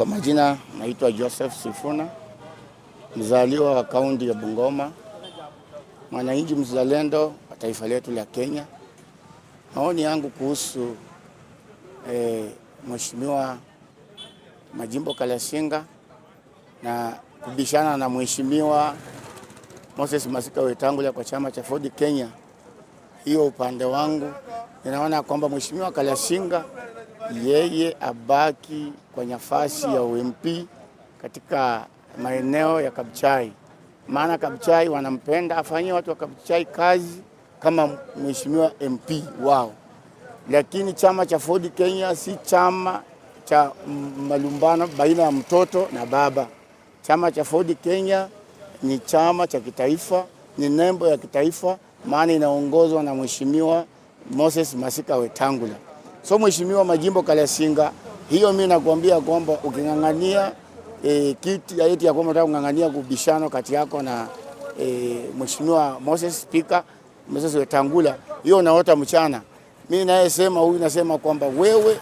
Kwa majina naitwa Joseph Sifuna, mzaliwa wa kaunti ya Bungoma, mwananchi mzalendo wa taifa letu la Kenya. Maoni yangu kuhusu eh, mheshimiwa Majimbo Kalasinga na kubishana na mheshimiwa Moses Masika Wetangula kwa chama cha Ford Kenya, hiyo upande wangu ninaona kwamba mheshimiwa Kalasinga yeye abaki kwa nafasi ya UMP katika maeneo ya Kabuchai, maana Kabuchai wanampenda, afanyie watu wa Kabuchai kazi kama mheshimiwa MP wao. Lakini chama cha Ford Kenya si chama cha malumbano baina ya mtoto na baba. Chama cha Ford Kenya ni chama cha kitaifa, ni nembo ya kitaifa, maana inaongozwa na mheshimiwa Moses Masika Wetangula. So mheshimiwa Majimbo Kalasinga, hiyo mimi nakwambia kwamba uking'ang'ania e, eh, kiti ya eti ya kwamba unataka kung'ang'ania kubishano kati yako na e, mheshimiwa Moses Speaker Moses Wetangula, hiyo unaota mchana. Mimi naye sema huyu nasema kwamba wewe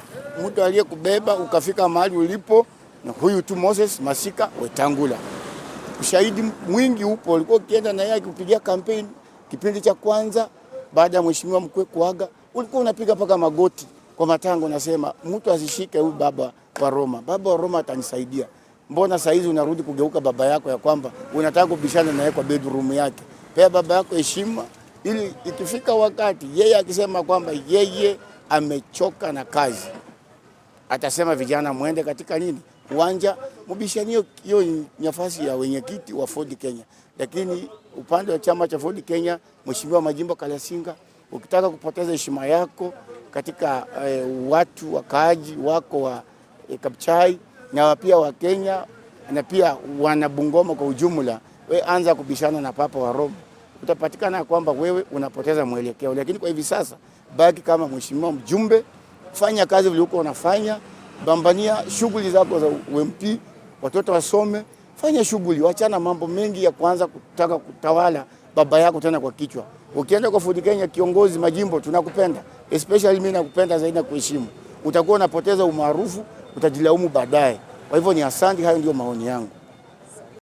mtu aliyekubeba ukafika mahali ulipo na huyu tu Moses Masika Wetangula, ushahidi mwingi upo, ulikuwa ukienda na yeye akipigia kampeni kipindi cha kwanza baada ya mheshimiwa mkwe kuaga, ulikuwa unapiga paka magoti kwa matango, nasema mtu azishike huyu baba wa Roma, baba wa Roma atanisaidia. Mbona saa hizi unarudi kugeuka baba yako ya kwamba unataka kubishana naye kwa bedroom yake? Pea baba yako heshima, ili ikifika wakati yeye akisema kwamba yeye amechoka na kazi, atasema vijana, mwende katika nini uwanja mbishani hiyo nafasi ya wenyekiti wa Ford Kenya. Lakini upande wa chama cha Ford Kenya, mheshimiwa Majimbo Kalasinga, ukitaka kupoteza heshima yako katika e, watu wakaaji wako wa e, eh, Kabuchai na pia wa Kenya na pia wana Bungoma kwa ujumla. We anza kubishana na Papa wa Roma, utapatikana kwamba wewe unapoteza mwelekeo. Lakini kwa hivi sasa, baki kama mheshimiwa mjumbe, fanya kazi uko unafanya, bambania shughuli zako za UMP, watoto wasome, fanya shughuli, wachana mambo mengi ya kuanza kutaka kutawala baba yako tena kwa kichwa. Ukienda kwa Ford Kenya, kiongozi majimbo, tunakupenda especially mimi nakupenda zaidi na kuheshimu, utakuwa unapoteza umaarufu, utajilaumu baadaye. Kwa hivyo ni asante, hayo ndio maoni yangu.